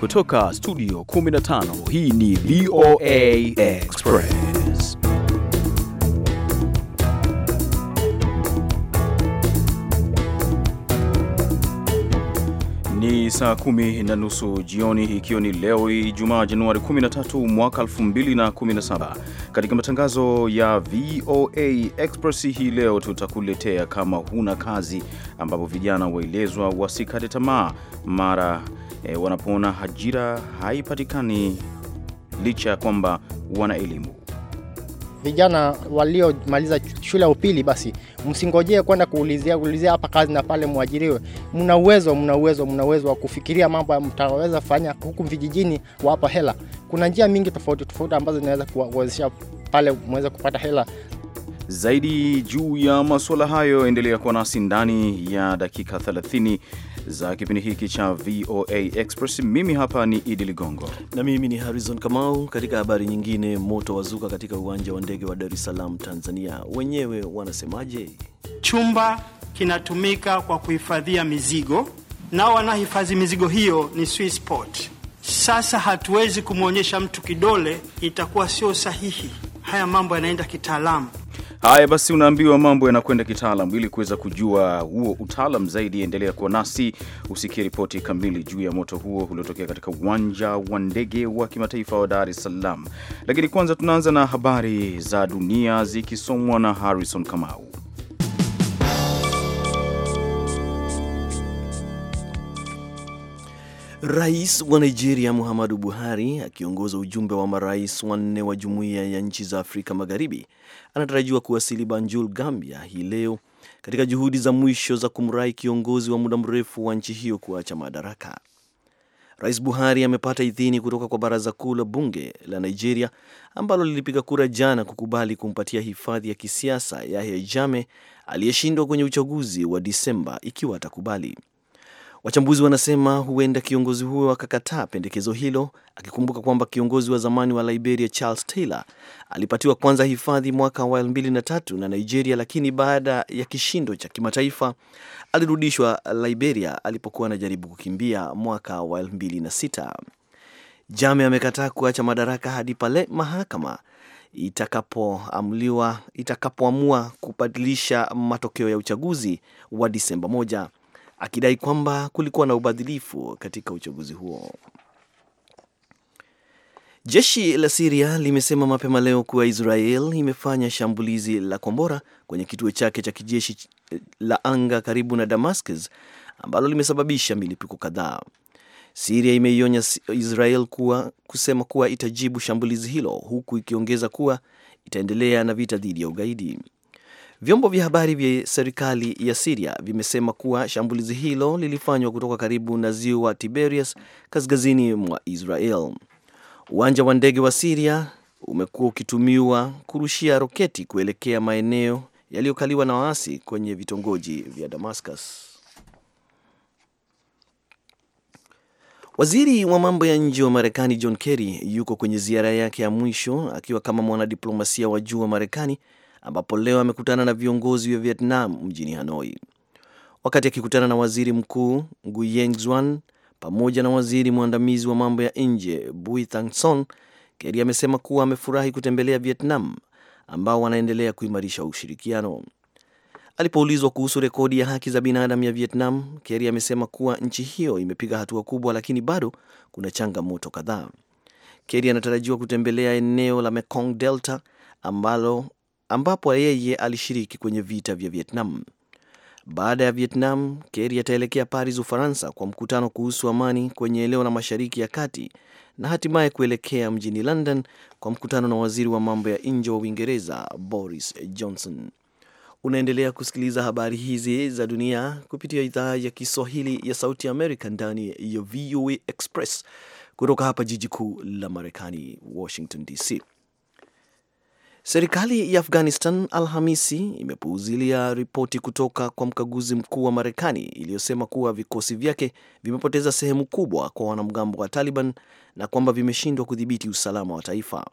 Kutoka studio 15 hii ni VOA Express. Ni saa kumi na nusu jioni ikiwa ni leo Ijumaa Januari 13 mwaka 2017. Katika matangazo ya VOA Express hii leo tutakuletea kama huna kazi, ambapo vijana waelezwa wasikate tamaa mara e, wanapoona ajira haipatikani licha ya kwamba wana elimu. Vijana waliomaliza shule ya upili, basi msingojee kwenda kuulizia kuulizia hapa kazi na pale, mwajiriwe. Mna uwezo, mna uwezo, mna uwezo wa kufikiria mambo mtaweza fanya huku vijijini, wapa hela. Kuna njia mingi tofauti tofauti ambazo zinaweza kuwezesha pale mweze kupata hela zaidi. Juu ya masuala hayo, endelea kuwa nasi ndani ya dakika 30 za kipindi hiki cha VOA Express. Mimi hapa ni Idi Ligongo na mimi ni Harrison Kamau. Katika habari nyingine, moto wazuka katika uwanja wa ndege wa Dar es Salaam, Tanzania. Wenyewe wanasemaje? Chumba kinatumika kwa kuhifadhia mizigo, nao wanahifadhi mizigo hiyo ni Swissport. Sasa hatuwezi kumwonyesha mtu kidole, itakuwa sio sahihi. Haya mambo yanaenda kitaalamu. Haya basi, unaambiwa mambo yanakwenda kitaalam. Ili kuweza kujua huo utaalam zaidi, endelea kuwa nasi usikie ripoti kamili juu ya moto huo uliotokea katika uwanja wa ndege wa kimataifa wa Dar es Salaam. Lakini kwanza tunaanza na habari za dunia zikisomwa na Harrison Kamau. Rais wa Nigeria Muhammadu Buhari akiongoza ujumbe wa marais wanne wa jumuiya ya nchi za Afrika Magharibi anatarajiwa kuwasili Banjul, Gambia hii leo katika juhudi za mwisho za kumrai kiongozi wa muda mrefu wa nchi hiyo kuacha madaraka. Rais Buhari amepata idhini kutoka kwa baraza kuu la bunge la Nigeria ambalo lilipiga kura jana kukubali kumpatia hifadhi ya kisiasa Yahya Jammeh aliyeshindwa kwenye uchaguzi wa Disemba ikiwa atakubali. Wachambuzi wanasema huenda kiongozi huyo akakataa pendekezo hilo, akikumbuka kwamba kiongozi wa zamani wa Liberia Charles Taylor alipatiwa kwanza hifadhi mwaka wa 2003 na Nigeria, lakini baada ya kishindo cha kimataifa alirudishwa Liberia alipokuwa anajaribu kukimbia mwaka wa 2006. Jame amekataa kuacha madaraka hadi pale mahakama itakapoamua itakapoamua kubadilisha matokeo ya uchaguzi wa Disemba moja akidai kwamba kulikuwa na ubadhilifu katika uchaguzi huo. Jeshi la Siria limesema mapema leo kuwa Israel imefanya shambulizi la kombora kwenye kituo chake cha kijeshi la anga karibu na Damascus ambalo limesababisha milipuko kadhaa. Siria imeionya Israel kuwa kusema kuwa itajibu shambulizi hilo huku ikiongeza kuwa itaendelea na vita dhidi ya ugaidi. Vyombo vya habari vya serikali ya Siria vimesema kuwa shambulizi hilo lilifanywa kutoka karibu na ziwa Tiberias kaskazini mwa Israel. Uwanja wa ndege wa Siria umekuwa ukitumiwa kurushia roketi kuelekea maeneo yaliyokaliwa na waasi kwenye vitongoji vya Damascus. Waziri wa mambo ya nje wa Marekani John Kerry yuko kwenye ziara yake ya mwisho akiwa kama mwanadiplomasia wa juu wa Marekani ambapo leo amekutana na viongozi wa Vietnam mjini Hanoi. Wakati akikutana na waziri mkuu Nguyen Xuan pamoja na waziri mwandamizi wa mambo ya nje Bui Thanh Son, Kerry amesema kuwa amefurahi kutembelea Vietnam ambao wanaendelea kuimarisha ushirikiano. Alipoulizwa kuhusu rekodi ya haki za binadamu ya Vietnam, Kerry amesema kuwa nchi hiyo imepiga hatua kubwa, lakini bado kuna changamoto kadhaa. Kerry anatarajiwa kutembelea eneo la Mekong Delta ambalo ambapo yeye alishiriki kwenye vita vya Vietnam. Baada ya Vietnam, Kerry ataelekea Paris, Ufaransa, kwa mkutano kuhusu amani kwenye eneo la Mashariki ya Kati na hatimaye kuelekea mjini London kwa mkutano na waziri wa mambo ya nje wa Uingereza Boris Johnson. Unaendelea kusikiliza habari hizi za dunia kupitia idhaa ya Kiswahili ya Sauti ya Amerika ndani ya VOA Express kutoka hapa jiji kuu la Marekani, Washington DC. Serikali ya Afghanistan Alhamisi imepuuzilia ripoti kutoka kwa mkaguzi mkuu wa Marekani iliyosema kuwa vikosi vyake vimepoteza sehemu kubwa kwa wanamgambo wa Taliban na kwamba vimeshindwa kudhibiti usalama wa taifa.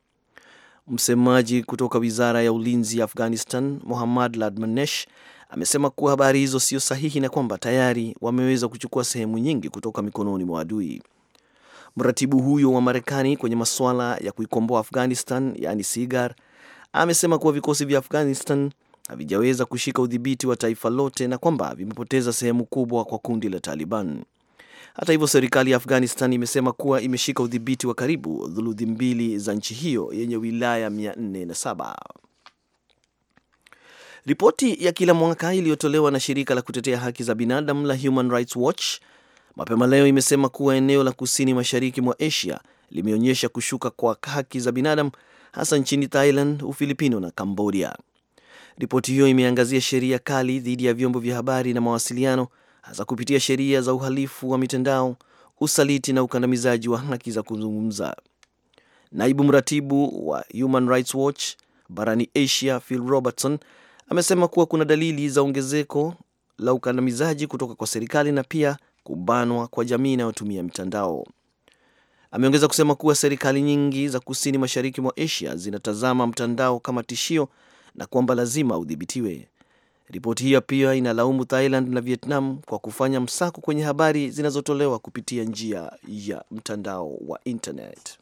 Msemaji kutoka wizara ya ulinzi ya Afghanistan, muhammad Ladmanesh, amesema kuwa habari hizo sio sahihi na kwamba tayari wameweza kuchukua sehemu nyingi kutoka mikononi mwa adui. Mratibu huyo wa Marekani kwenye masuala ya kuikomboa Afghanistan, yaani SIGAR, amesema kuwa vikosi vya Afghanistan havijaweza kushika udhibiti wa taifa lote na kwamba vimepoteza sehemu kubwa kwa kundi la Taliban. Hata hivyo, serikali ya Afghanistan imesema kuwa imeshika udhibiti wa karibu dhuluthi mbili za nchi hiyo yenye wilaya 407. Ripoti ya kila mwaka iliyotolewa na shirika la kutetea haki za binadamu la Human Rights Watch mapema leo imesema kuwa eneo la kusini mashariki mwa Asia limeonyesha kushuka kwa haki za binadamu hasa nchini Thailand, Ufilipino na Kambodia. Ripoti hiyo imeangazia sheria kali dhidi ya vyombo vya habari na mawasiliano, hasa kupitia sheria za uhalifu wa mitandao, usaliti na ukandamizaji wa haki za kuzungumza. Naibu mratibu wa Human Rights Watch barani Asia, Phil Robertson, amesema kuwa kuna dalili za ongezeko la ukandamizaji kutoka kwa serikali na pia kubanwa kwa jamii inayotumia mitandao. Ameongeza kusema kuwa serikali nyingi za kusini mashariki mwa Asia zinatazama mtandao kama tishio na kwamba lazima udhibitiwe. Ripoti hiyo pia inalaumu Thailand na Vietnam kwa kufanya msako kwenye habari zinazotolewa kupitia njia ya mtandao wa internet.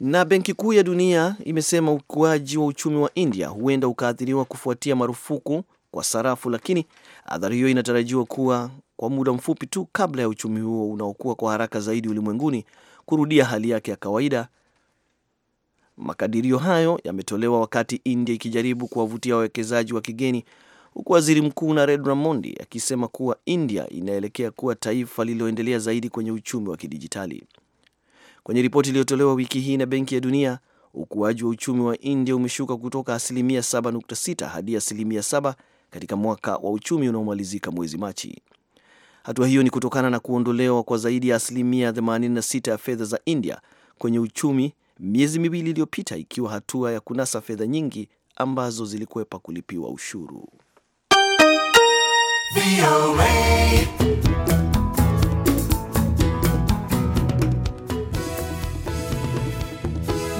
Na Benki Kuu ya Dunia imesema ukuaji wa uchumi wa India huenda ukaathiriwa kufuatia marufuku kwa sarafu, lakini athari hiyo inatarajiwa kuwa kwa muda mfupi tu kabla ya uchumi huo unaokuwa kwa haraka zaidi ulimwenguni kurudia hali yake ya kawaida. Makadirio hayo yametolewa wakati India ikijaribu kuwavutia wawekezaji wa kigeni, huku waziri mkuu Narendra Modi akisema kuwa India inaelekea kuwa taifa lililoendelea zaidi kwenye uchumi wa kidijitali. Kwenye ripoti iliyotolewa wiki hii na Benki ya Dunia, ukuaji wa uchumi wa India umeshuka kutoka asilimia 7.6 hadi asilimia 7 katika mwaka wa uchumi unaomalizika mwezi Machi. Hatua hiyo ni kutokana na kuondolewa kwa zaidi ya asilimia 86 ya fedha za India kwenye uchumi miezi miwili iliyopita, ikiwa hatua ya kunasa fedha nyingi ambazo zilikwepa kulipiwa ushuru.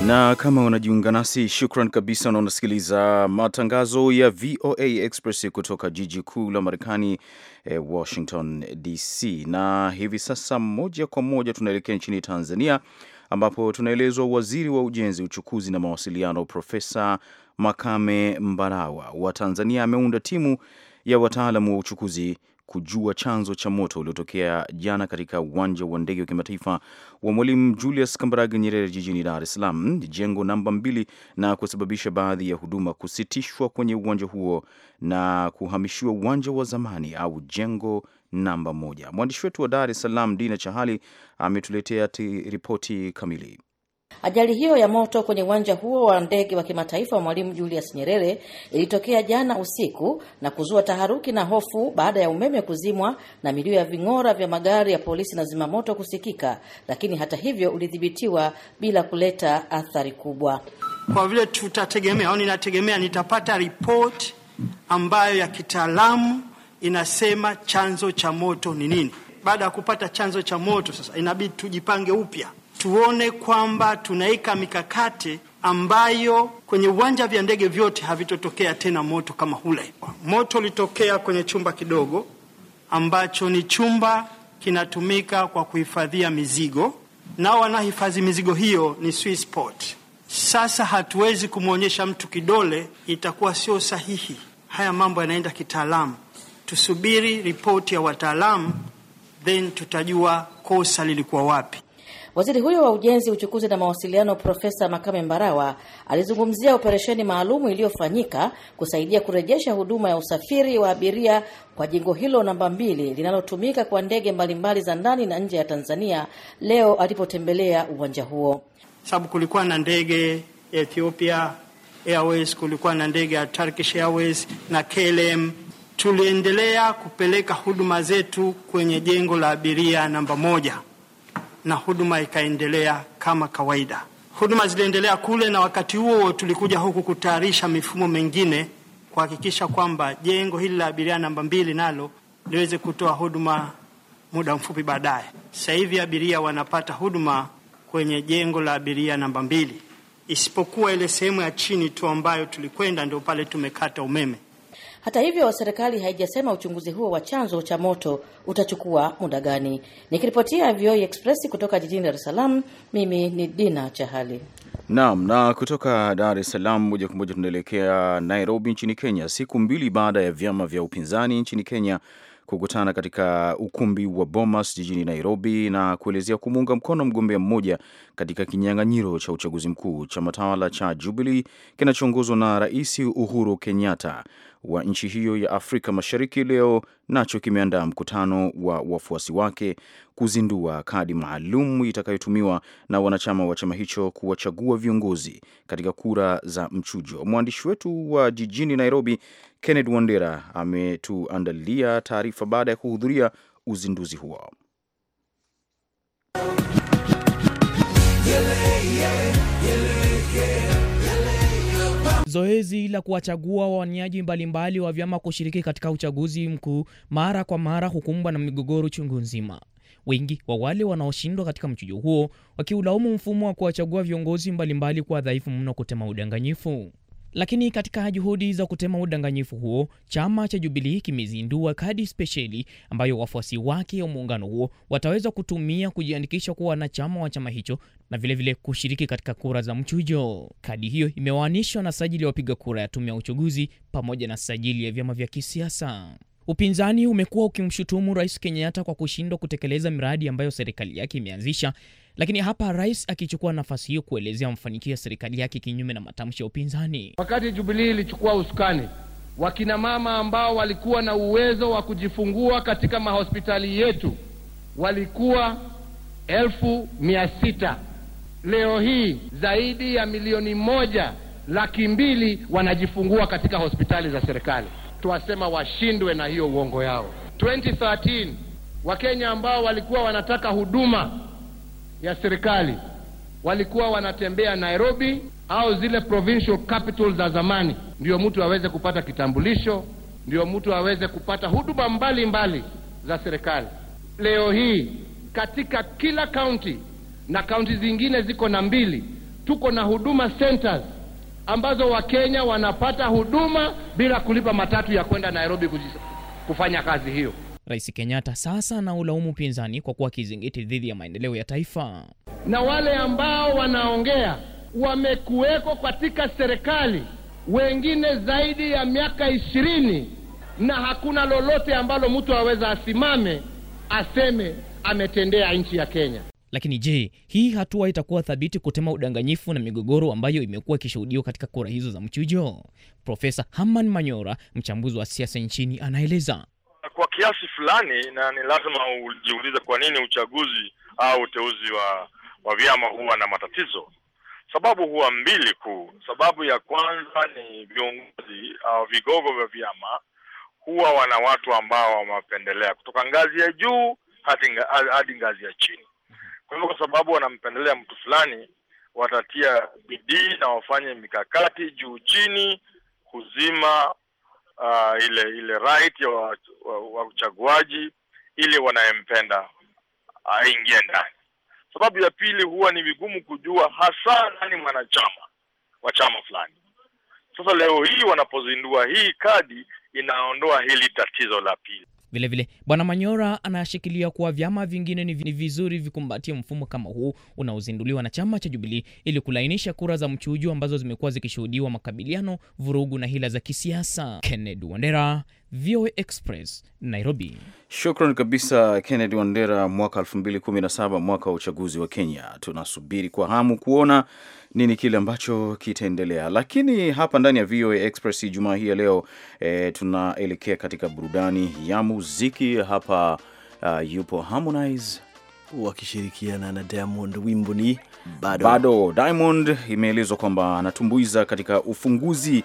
na kama unajiunga nasi, shukran kabisa, na unasikiliza matangazo ya VOA Express kutoka jiji kuu la Marekani, eh, Washington DC. Na hivi sasa moja kwa moja tunaelekea nchini Tanzania, ambapo tunaelezwa waziri wa ujenzi, uchukuzi na mawasiliano Profesa Makame Mbarawa wa Tanzania ameunda timu ya wataalamu wa uchukuzi kujua chanzo cha moto uliotokea jana katika uwanja wa ndege wa kimataifa wa Mwalimu Julius Kambarage Nyerere jijini Dar es Salaam, jengo namba mbili, na kusababisha baadhi ya huduma kusitishwa kwenye uwanja huo na kuhamishiwa uwanja wa zamani au jengo namba moja. Mwandishi wetu wa Dar es Salaam Dina Chahali ametuletea ripoti kamili. Ajali hiyo ya moto kwenye uwanja huo wa ndege wa kimataifa wa Mwalimu Julius Nyerere ilitokea jana usiku na kuzua taharuki na hofu baada ya umeme kuzimwa na milio ya ving'ora vya magari ya polisi na zimamoto kusikika, lakini hata hivyo ulidhibitiwa bila kuleta athari kubwa. Kwa vile tutategemea au ninategemea nitapata ripoti ambayo ya kitaalamu inasema chanzo cha moto ni nini. Baada ya kupata chanzo cha moto, sasa inabidi tujipange upya tuone kwamba tunaika mikakati ambayo kwenye uwanja vya ndege vyote havitotokea tena moto kama ule. Moto ulitokea kwenye chumba kidogo ambacho ni chumba kinatumika kwa kuhifadhia mizigo, nao wanahifadhi mizigo hiyo ni Swissport. Sasa hatuwezi kumwonyesha mtu kidole, itakuwa sio sahihi. Haya mambo yanaenda kitaalamu, tusubiri ripoti ya wataalamu, then tutajua kosa lilikuwa wapi. Waziri huyo wa Ujenzi, Uchukuzi na Mawasiliano, Profesa Makame Mbarawa alizungumzia operesheni maalumu iliyofanyika kusaidia kurejesha huduma ya usafiri wa abiria kwa jengo hilo namba mbili linalotumika kwa ndege mbalimbali za ndani na nje ya Tanzania leo alipotembelea uwanja huo. Sababu kulikuwa na ndege Ethiopia Airways, kulikuwa na ndege ya Turkish Airways na KLM. Tuliendelea kupeleka huduma zetu kwenye jengo la abiria namba moja na huduma ikaendelea kama kawaida. Huduma ziliendelea kule, na wakati huo tulikuja huku kutayarisha mifumo mengine kuhakikisha kwamba jengo hili la abiria namba mbili nalo liweze kutoa huduma muda mfupi baadaye. Sasa hivi abiria wanapata huduma kwenye jengo la abiria namba mbili, isipokuwa ile sehemu ya chini tu ambayo tulikwenda, ndio pale tumekata umeme. Hata hivyo, serikali haijasema uchunguzi huo wa chanzo cha moto utachukua muda gani. Nikiripotia VOA e Express kutoka jijini Dar es Salaam, mimi ni Dina Chahali. Naam, na kutoka Dar es Salaam moja kwa moja tunaelekea Nairobi nchini Kenya, siku mbili baada ya vyama vya upinzani nchini Kenya kukutana katika ukumbi wa Bomas jijini Nairobi na kuelezea kumuunga mkono mgombea mmoja katika kinyang'anyiro cha uchaguzi mkuu chama tawala cha Jubilee kinachoongozwa na Rais Uhuru Kenyatta wa nchi hiyo ya Afrika Mashariki leo nacho kimeandaa mkutano wa wafuasi wake kuzindua kadi maalum itakayotumiwa na wanachama wa chama hicho kuwachagua viongozi katika kura za mchujo. Mwandishi wetu wa jijini Nairobi, Kenneth Wandera, ametuandalia taarifa baada ya kuhudhuria uzinduzi huo. Yeah, yeah, yeah. Zoezi la kuwachagua wawaniaji mbalimbali wa vyama kushiriki katika uchaguzi mkuu mara kwa mara hukumbwa na migogoro chungu nzima, wengi wa wale wanaoshindwa katika mchujo huo wakiulaumu mfumo wa kuwachagua viongozi mbalimbali kuwa dhaifu mno, kutema udanganyifu. Lakini katika juhudi za kutema udanganyifu huo, chama cha jubilii kimezindua kadi spesheli ambayo wafuasi wake wa muungano huo wataweza kutumia kujiandikisha kuwa wanachama wa chama hicho na vilevile vile kushiriki katika kura za mchujo. Kadi hiyo imewaanishwa na sajili ya wapiga kura ya tume ya uchaguzi pamoja na sajili ya vyama vya kisiasa. Upinzani umekuwa ukimshutumu Rais Kenyatta kwa kushindwa kutekeleza miradi ambayo serikali yake imeanzisha lakini hapa rais akichukua nafasi hiyo kuelezea mafanikio ya serikali yake kinyume na matamshi ya upinzani. Wakati jubilii ilichukua usukani, wakinamama ambao walikuwa na uwezo wa kujifungua katika mahospitali yetu walikuwa elfu mia sita. Leo hii zaidi ya milioni moja laki mbili wanajifungua katika hospitali za serikali. Tuwasema washindwe na hiyo uongo yao. 2013 Wakenya ambao walikuwa wanataka huduma ya serikali walikuwa wanatembea Nairobi au zile provincial capitals za zamani, ndio mtu aweze kupata kitambulisho, ndio mtu aweze kupata huduma mbalimbali mbali za serikali. Leo hii katika kila kaunti na kaunti zingine ziko na mbili, tuko na huduma centers ambazo Wakenya wanapata huduma bila kulipa matatu ya kwenda Nairobi kujisa, kufanya kazi hiyo. Rais Kenyatta sasa anaulaumu upinzani kwa kuwa kizingiti dhidi ya maendeleo ya taifa. Na wale ambao wanaongea wamekuweko katika serikali wengine zaidi ya miaka ishirini, na hakuna lolote ambalo mtu aweza asimame aseme ametendea nchi ya Kenya. Lakini je, hii hatua itakuwa thabiti kutema udanganyifu na migogoro ambayo imekuwa ikishuhudiwa katika kura hizo za mchujo? Profesa haman Manyora, mchambuzi wa siasa nchini, anaeleza kwa kiasi fulani, na ni lazima ujiulize kwa nini uchaguzi au uteuzi wa wa vyama huwa na matatizo. Sababu huwa mbili kuu. Sababu ya kwanza ni viongozi au vigogo vya vyama huwa wana watu ambao wamependelea kutoka ngazi ya juu hadi ngazi ya chini. Kwa hivyo, kwa sababu wanampendelea mtu fulani, watatia bidii na wafanye mikakati juu chini kuzima uh, ile ile right ya wa uchaguaji ili wanayempenda uh, aingie ndani. Sababu ya pili, huwa ni vigumu kujua hasa nani mwanachama wa chama fulani. Sasa leo hii wanapozindua hii kadi, inaondoa hili tatizo la pili. Vilevile Bwana Manyora anashikilia kuwa vyama vingine ni vizuri vikumbatie mfumo kama huu unaozinduliwa na chama cha Jubilee ili kulainisha kura za mchujo ambazo zimekuwa zikishuhudiwa makabiliano, vurugu na hila za kisiasa. Kennedy Wandera VOA Express Nairobi. Shukran kabisa Kennedy Wandera. Mwaka 2017 mwaka wa uchaguzi wa Kenya, tunasubiri kwa hamu kuona nini kile ambacho kitaendelea, lakini hapa ndani ya VOA Express Ijumaa hii ya leo e, tunaelekea katika burudani ya muziki hapa. Uh, yupo Harmonize wakishirikiana na Diamond, wimbo ni bado, bado. Diamond imeelezwa kwamba anatumbuiza katika ufunguzi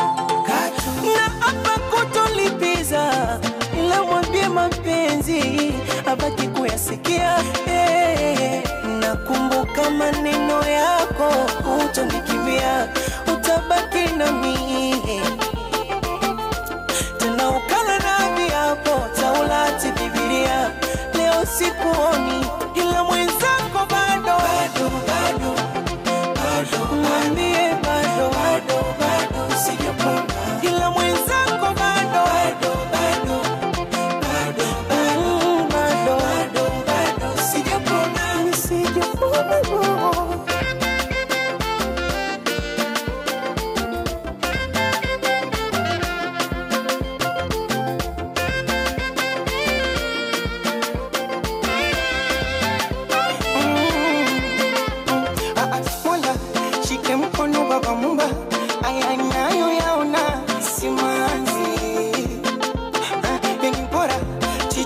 utabaki kuyasikia eh, nakumbuka maneno yako utonikimia utabaki na tena ukala na viapo taulati bibilia leo sikuoni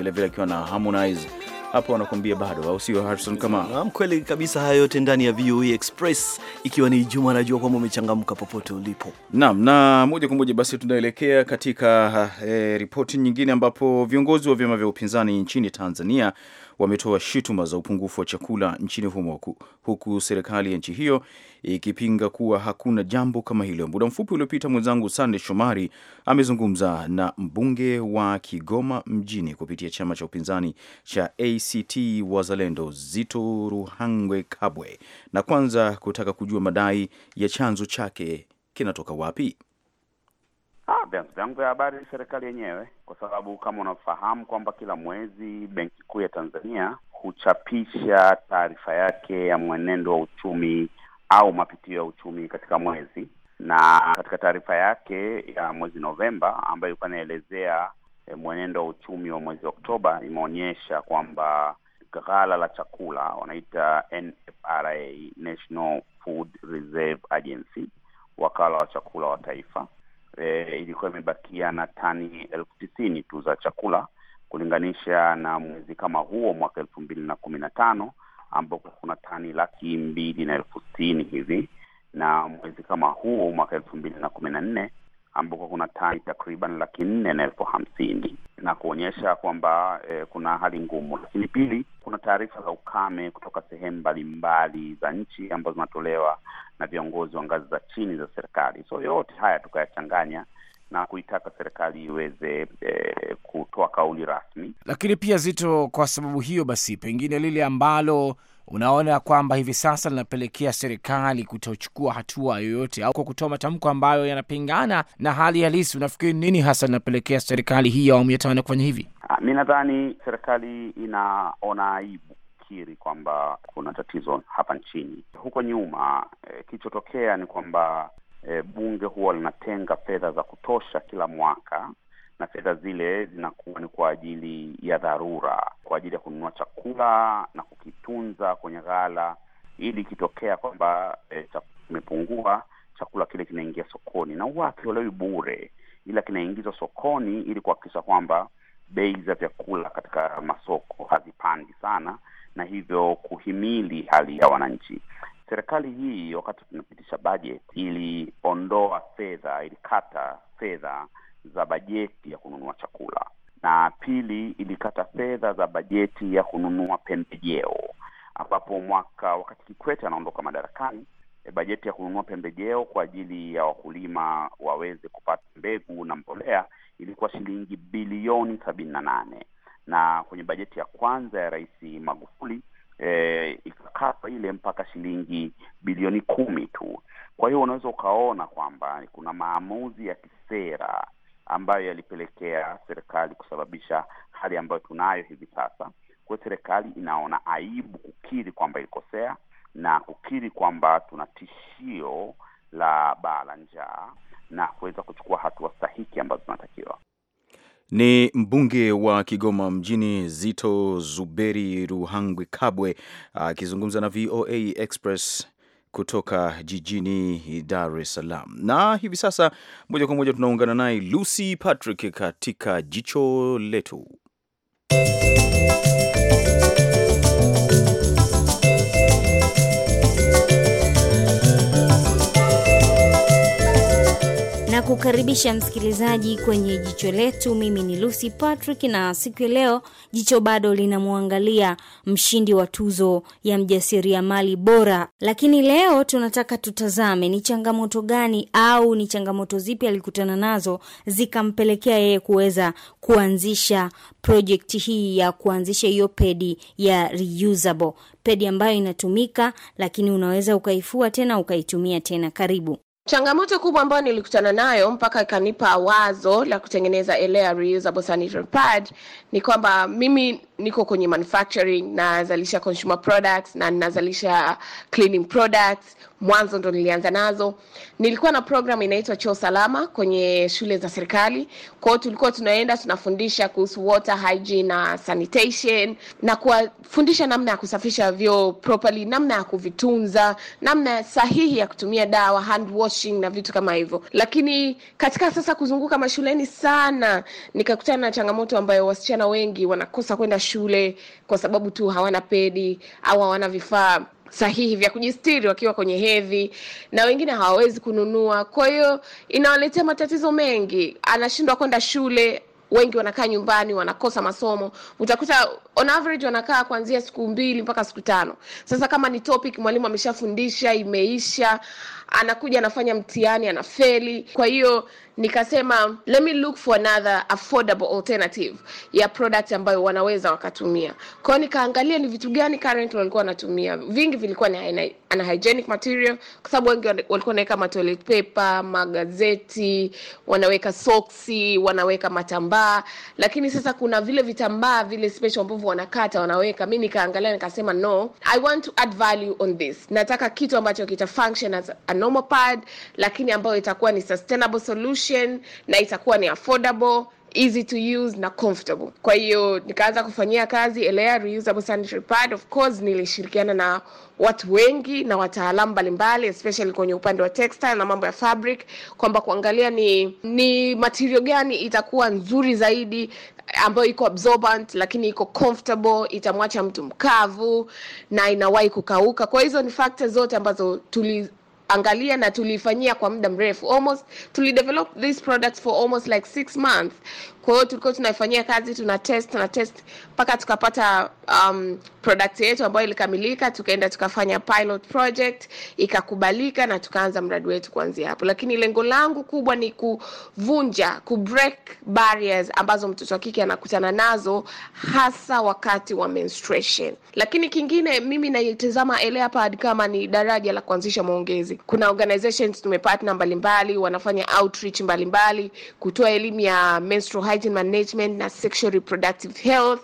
vilevile akiwa na Harmonize hapo wanakuambia bado, au sio Harrison? Kama kweli kabisa. Hayo yote ndani ya VOA e Express, ikiwa ni Juma, najua kwamba umechangamka popote ulipo. Naam, na moja kwa moja basi tunaelekea katika eh, ripoti nyingine ambapo viongozi wa vyama vya upinzani nchini Tanzania wametoa shutuma za upungufu wa chakula nchini humo, huku serikali ya nchi hiyo ikipinga kuwa hakuna jambo kama hilo. Muda mfupi uliopita, mwenzangu Sande Shomari amezungumza na mbunge wa Kigoma Mjini kupitia chama cha upinzani cha ACT Wazalendo, Zito Ruhangwe Kabwe, na kwanza kutaka kujua madai ya chanzo chake kinatoka wapi. Ah, vyanzo vya habari ni serikali yenyewe, kwa sababu kama unafahamu kwamba kila mwezi Benki Kuu ya Tanzania huchapisha taarifa yake ya mwenendo wa uchumi au mapitio ya uchumi katika mwezi, na katika taarifa yake ya mwezi Novemba ambayo ilikuwa inaelezea e, mwenendo wa uchumi wa mwezi Oktoba imeonyesha kwamba ghala la chakula wanaita NFRA, National Food Reserve Agency, wakala wa chakula wa taifa eh, ilikuwa imebakia na tani elfu tisini tu za chakula kulinganisha na mwezi kama huo mwaka elfu mbili na kumi na tano ambapo kuna tani laki mbili na elfu sitini hivi na mwezi kama huo mwaka elfu mbili na kumi na nne ambako kuna tani takriban laki nne na elfu hamsini na kuonyesha kwamba e, kuna hali ngumu. Lakini pili, kuna taarifa za ukame kutoka sehemu mbalimbali za nchi ambazo zinatolewa na viongozi wa ngazi za chini za serikali. So yote haya tukayachanganya na kuitaka serikali iweze e, kutoa kauli rasmi. Lakini pia Zito, kwa sababu hiyo basi, pengine lile ambalo unaona kwamba hivi sasa linapelekea serikali kutochukua hatua yoyote au kwa kutoa matamko ambayo yanapingana na hali halisi? Unafikiri nini hasa linapelekea serikali hii ya awamu ya tano kufanya hivi? Ah, mi nadhani serikali inaona aibu kiri kwamba kuna tatizo hapa nchini. Huko nyuma eh, kilichotokea ni kwamba e, bunge huwa linatenga fedha za kutosha kila mwaka na fedha zile zinakuwa ni kwa ajili ya dharura, kwa ajili ya kununua chakula na kukitunza kwenye ghala, ili ikitokea kwamba e, kimepungua chakula kile kinaingia sokoni, na huwa akiolewi bure, ila kinaingizwa sokoni ili kuhakikisha kwamba bei za vyakula katika masoko hazipandi sana, na hivyo kuhimili hali ya wananchi. Serikali hii wakati tunapitisha bajeti iliondoa fedha, ilikata fedha za bajeti ya kununua chakula, na pili ilikata fedha za bajeti ya kununua pembejeo, ambapo mwaka wakati Kikwete anaondoka madarakani e, bajeti ya kununua pembejeo kwa ajili ya wakulima waweze kupata mbegu na mbolea ilikuwa shilingi bilioni sabini na nane na kwenye bajeti ya kwanza ya Rais Magufuli e, ikakatwa ile mpaka shilingi bilioni kumi tu. Kwa hiyo unaweza ukaona kwamba kuna maamuzi ya kisera ambayo yalipelekea serikali kusababisha hali ambayo tunayo hivi sasa. Kwa hiyo serikali inaona aibu kukiri kwamba ilikosea na kukiri kwamba tuna tishio la baa la njaa na kuweza kuchukua hatua stahiki ambazo zinatakiwa. Ni mbunge wa Kigoma Mjini, Zito Zuberi Ruhangwe Kabwe akizungumza na VOA Express kutoka jijini Dar es Salaam. Na hivi sasa moja kwa moja tunaungana naye Lucy Patrick katika jicho letu kukaribisha msikilizaji kwenye jicho letu. Mimi ni Lucy Patrick, na siku ya leo jicho bado linamwangalia mshindi wa tuzo ya mjasiriamali bora, lakini leo tunataka tutazame ni changamoto gani au ni changamoto zipi alikutana nazo zikampelekea yeye kuweza kuanzisha projekti hii ya kuanzisha hiyo pedi ya reusable pedi ambayo inatumika, lakini unaweza ukaifua tena ukaitumia tena. Karibu. Changamoto kubwa ambayo nilikutana nayo mpaka ikanipa wazo la kutengeneza ile reusable sanitary pad ni kwamba mimi niko kwenye manufacturing nazalisha consumer products na nazalisha cleaning products mwanzo ndo nilianza nazo nilikuwa na program inaitwa choo salama kwenye shule za serikali kwao tulikuwa tunaenda tunafundisha kuhusu water hygiene na sanitation na kuwafundisha namna ya kusafisha vyoo properly namna ya kuvitunza namna sahihi ya kutumia dawa hand washing na vitu kama hivyo lakini katika sasa kuzunguka mashuleni sana nikakutana na changamoto ambayo wasichana wengi wanakosa kwenda shule kwa sababu tu hawana pedi au hawana vifaa sahihi vya kujistiri wakiwa kwenye hedhi, na wengine hawawezi kununua. Kwa hiyo inawaletea matatizo mengi, anashindwa kwenda shule wengi wanakaa nyumbani, wanakosa masomo. Utakuta on average wanakaa kuanzia siku mbili mpaka siku tano. Sasa kama ni topic mwalimu ameshafundisha, imeisha anakuja anafanya mtihani anafeli. Kwa hiyo nikasema let me look for another affordable alternative ya product ambayo wanaweza wakatumia. Kwa hiyo nikaangalia ni vitu gani current walikuwa wanatumia, vingi vilikuwa ni ana hygienic material, kwa sababu wengi walikuwa wanaweka ma toilet paper, magazeti, wanaweka soksi, wanaweka matambaa, lakini sasa kuna vile vitambaa vile special ambavyo wanakata wanaweka. Mi nikaangalia nikasema, no I want to add value on this, nataka kitu ambacho kita function as an nomopad lakini ambayo itakuwa ni sustainable solution na itakuwa ni affordable easy to use na comfortable. Kwa hiyo nikaanza kufanyia kazi elea reusable sanitary pad. Of course nilishirikiana na watu wengi na wataalamu mbalimbali especially kwenye upande wa textile na mambo ya fabric, kwamba kuangalia ni ni material gani itakuwa nzuri zaidi ambayo iko absorbent lakini iko comfortable, itamwacha mtu mkavu na inawahi kukauka. Kwa hizo ni factor zote ambazo tuli angalia na tulifanyia kwa muda mrefu almost tulidevelop this product for almost like six months kwa hiyo tulikuwa tunaifanyia kazi, tuna test na test mpaka tukapata um, product yetu ambayo ilikamilika, tukaenda tukafanya pilot project ikakubalika, na tukaanza mradi wetu kuanzia hapo. Lakini lengo langu kubwa ni kuvunja, ku break barriers ambazo mtoto wa kike anakutana nazo hasa wakati wa menstruation. Lakini kingine mimi naitazama ELEAPAD kama ni daraja la kuanzisha maongezi. Kuna organizations tumepartner mbalimbali, wanafanya outreach mbalimbali kutoa elimu ya menstrual hygiene management na sexual reproductive health.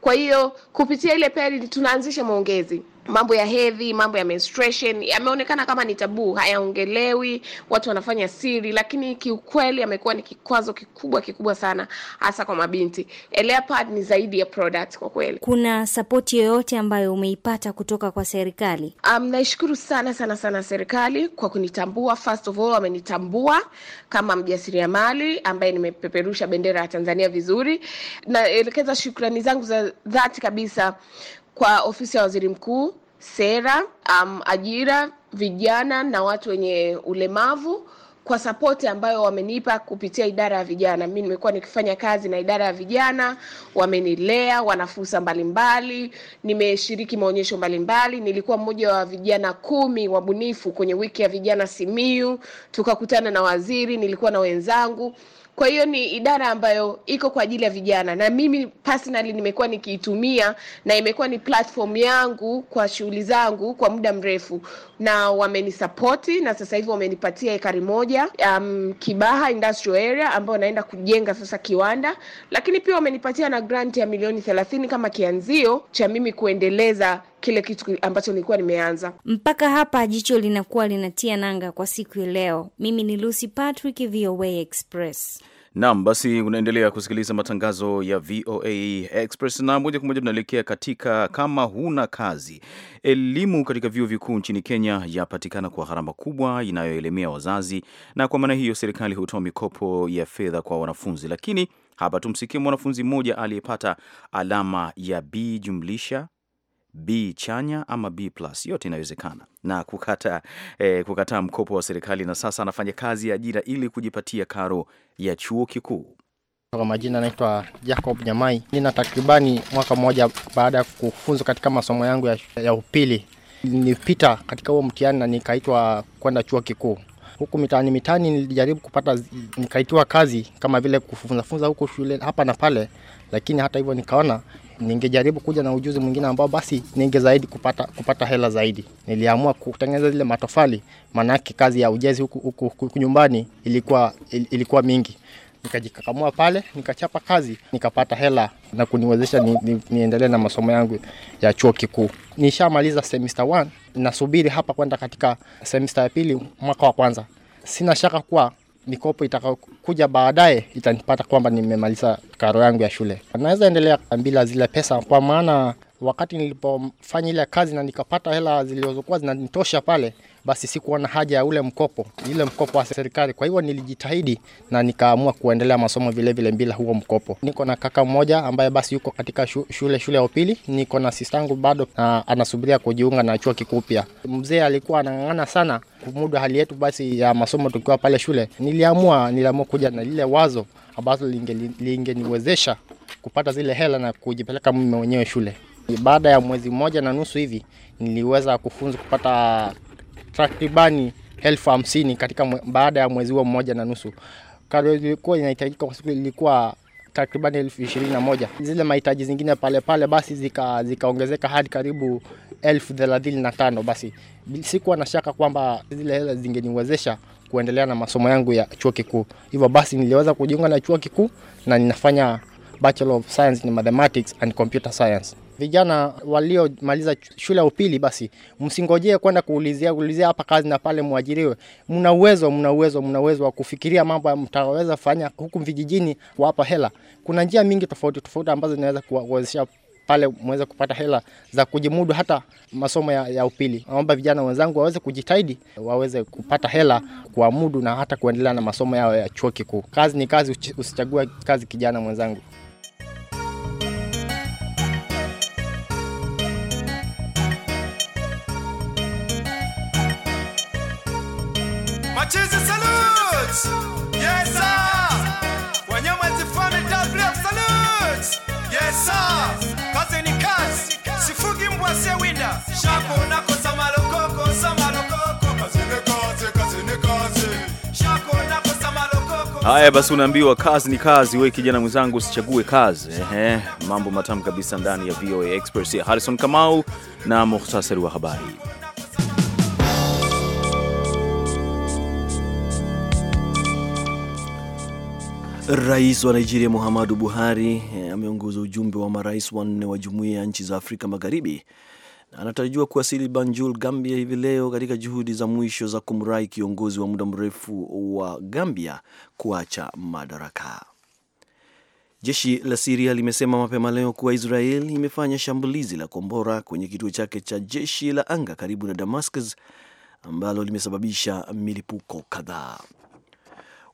Kwa hiyo kupitia ile period tunaanzisha maongezi mambo ya hedhi, mambo ya menstruation yameonekana kama ni tabuu, hayaongelewi, watu wanafanya siri, lakini kiukweli amekuwa ni kikwazo kikubwa kikubwa sana, hasa kwa mabinti. Leopard ni zaidi ya product kwa kweli. Kuna sapoti yoyote ambayo umeipata kutoka kwa serikali? Um, naishukuru sana sana sana serikali kwa kunitambua. First of all, wamenitambua kama mjasiriamali ambaye nimepeperusha bendera ya Tanzania vizuri. Naelekeza shukrani zangu za dhati kabisa kwa ofisi ya waziri mkuu, sera, um, ajira, vijana na watu wenye ulemavu kwa sapoti ambayo wamenipa kupitia idara ya vijana. Mi nimekuwa nikifanya kazi na idara ya vijana, wamenilea, wana fursa mbalimbali, nimeshiriki maonyesho mbalimbali. Nilikuwa mmoja wa vijana kumi wabunifu kwenye wiki ya vijana simiu tukakutana na waziri, nilikuwa na wenzangu kwa hiyo ni idara ambayo iko kwa ajili ya vijana, na mimi personally nimekuwa nikiitumia na imekuwa ni platform yangu kwa shughuli zangu kwa muda mrefu, na wamenisapoti na sasa hivi wamenipatia ekari moja um, Kibaha Industrial Area ambayo naenda kujenga sasa kiwanda, lakini pia wamenipatia na grant ya milioni 30 kama kianzio cha mimi kuendeleza kile kitu ambacho nilikuwa nimeanza. Mpaka hapa jicho linakuwa linatia nanga kwa siku ya leo. Mimi ni Lucy Patrick, VOA Express. Naam, basi unaendelea kusikiliza matangazo ya VOA Express na moja kwa moja tunaelekea katika kama huna kazi. Elimu katika vyuo vikuu nchini Kenya yapatikana kwa gharama kubwa inayoelemea wazazi, na kwa maana hiyo serikali hutoa mikopo ya fedha kwa wanafunzi. Lakini hapa tumsikie mwanafunzi mmoja aliyepata alama ya B jumlisha B chanya ama B plus, yote inawezekana, na kukataa eh, kukataa mkopo wa serikali, na sasa anafanya kazi ya ajira ili kujipatia karo ya chuo kikuu. Kwa majina anaitwa Jacob Nyamai. Nina takribani mwaka mmoja baada ya kufunzwa katika masomo yangu ya, ya upili, nilipita katika huo mtihani na nikaitwa kwenda chuo kikuu huku mitaani mitaani, nilijaribu kupata, nikaitiwa kazi kama vile kufunzafunza huku shule hapa na pale, lakini hata hivyo nikaona ningejaribu kuja na ujuzi mwingine ambao basi ningezaidi kupata, kupata hela zaidi. Niliamua kutengeneza zile matofali, maanake kazi ya ujenzi huku, huku, huku nyumbani ilikuwa, ilikuwa mingi nikajikakamua pale, nikachapa kazi, nikapata hela na kuniwezesha ni, ni, niendelee na masomo yangu ya chuo kikuu. Nishamaliza semester 1 nasubiri hapa kwenda katika semester ya pili mwaka wa kwanza. Sina shaka kuwa mikopo itakayokuja baadaye itanipata kwamba nimemaliza karo yangu ya shule, naweza endelea bila zile pesa, kwa maana wakati nilipofanya ile kazi na nikapata hela zilizokuwa zinanitosha pale, basi sikuwa na haja ya ule mkopo, ile mkopo wa serikali. Kwa hivyo nilijitahidi na nikaamua kuendelea masomo vile vile bila huo mkopo. Niko na kaka mmoja ambaye basi yuko katika shule shule ya upili. Niko na sistangu bado na anasubiria kujiunga na chuo kikuu pia. Mzee alikuwa anang'ang'ana sana kumudu hali yetu basi ya masomo tukiwa pale shule. Niliamua niliamua kuja na lile wazo ambazo lingeniwezesha linge kupata zile hela na kujipeleka mume mwenyewe shule. Baada ya mwezi mmoja na nusu hivi niliweza kufunza kupata takribani elfu hamsini katika mwe, baada ya mwezi huo mmoja na nusu. Karo ilikuwa inahitajika kwa siku ilikuwa takribani elfu ishirini na moja. Zile mahitaji zingine pale pale basi zika zikaongezeka hadi karibu elfu thelathini na tano. Basi sikuwa na shaka kwamba zile hela zingeniwezesha kuendelea na masomo yangu ya chuo kikuu. Hivyo basi niliweza kujiunga na chuo kikuu na ninafanya Bachelor of Science in Mathematics and Computer Science vijana waliomaliza shule ya upili, basi msingojee kwenda kuulizia kuulizia hapa kazi na pale mwajiriwe. Mna uwezo, mna uwezo, mna uwezo wa kufikiria mambo mtaweza fanya huku vijijini, kuwapa hela. Kuna njia mingi tofauti tofauti ambazo zinaweza kuwawezesha pale mweze kupata hela za kujimudu hata masomo ya, ya upili. Naomba vijana wenzangu waweze kujitahidi, waweze kupata hela kuamudu na hata kuendelea na masomo yao ya chuo kikuu. Kazi ni kazi, usichague kazi kijana mwenzangu. Haya basi, unaambiwa kazi ni kazi. We kijana mwenzangu, usichague kazi. Ehe, mambo matamu kabisa ndani ya VOA Express ya Harrison Kamau na muhtasari wa habari. Rais wa Nigeria Muhammadu Buhari eh, ameongoza ujumbe wa marais wanne wa jumuiya ya nchi za Afrika Magharibi na anatarajiwa kuwasili Banjul, Gambia hivi leo katika juhudi za mwisho za kumrai kiongozi wa muda mrefu wa Gambia kuacha madaraka. Jeshi la Siria limesema mapema leo kuwa Israel imefanya shambulizi la kombora kwenye kituo chake cha jeshi la anga karibu na Damascus ambalo limesababisha milipuko kadhaa.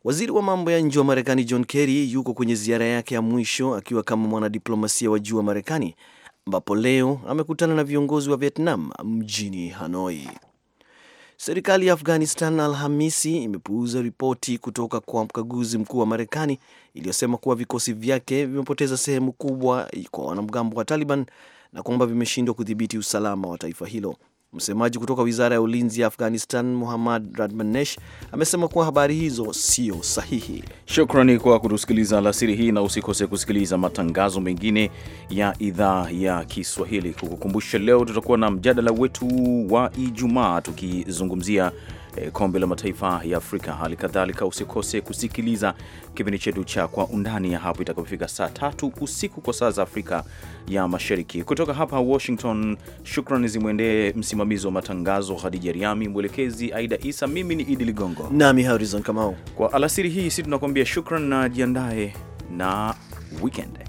Waziri wa mambo ya nje wa Marekani John Kerry yuko kwenye ziara yake ya mwisho akiwa kama mwanadiplomasia wa juu wa Marekani, ambapo leo amekutana na viongozi wa Vietnam mjini Hanoi. Serikali ya Afghanistan Alhamisi imepuuza ripoti kutoka kwa mkaguzi mkuu wa Marekani iliyosema kuwa vikosi vyake vimepoteza sehemu kubwa kwa wanamgambo wa Taliban na kwamba vimeshindwa kudhibiti usalama wa taifa hilo. Msemaji kutoka wizara ya ulinzi ya Afghanistan, Muhammad Radmanesh, amesema kuwa habari hizo sio sahihi. Shukrani kwa kutusikiliza alasiri hii, na usikose kusikiliza matangazo mengine ya idhaa ya Kiswahili. Kukukumbusha, leo tutakuwa na mjadala wetu wa Ijumaa tukizungumzia e, kombe la mataifa ya Afrika. Hali kadhalika usikose kusikiliza kipindi chetu cha Kwa Undani ya hapo itakapofika saa tatu usiku kwa saa za Afrika ya Mashariki. Kutoka hapa Washington, shukrani zimwendee msimamizi wa matangazo hadija Riami, mwelekezi Aida Isa, mimi ni Idi Ligongo nami Harizon Kamau. Kwa alasiri hii si tunakuambia shukran na jiandae na weekend.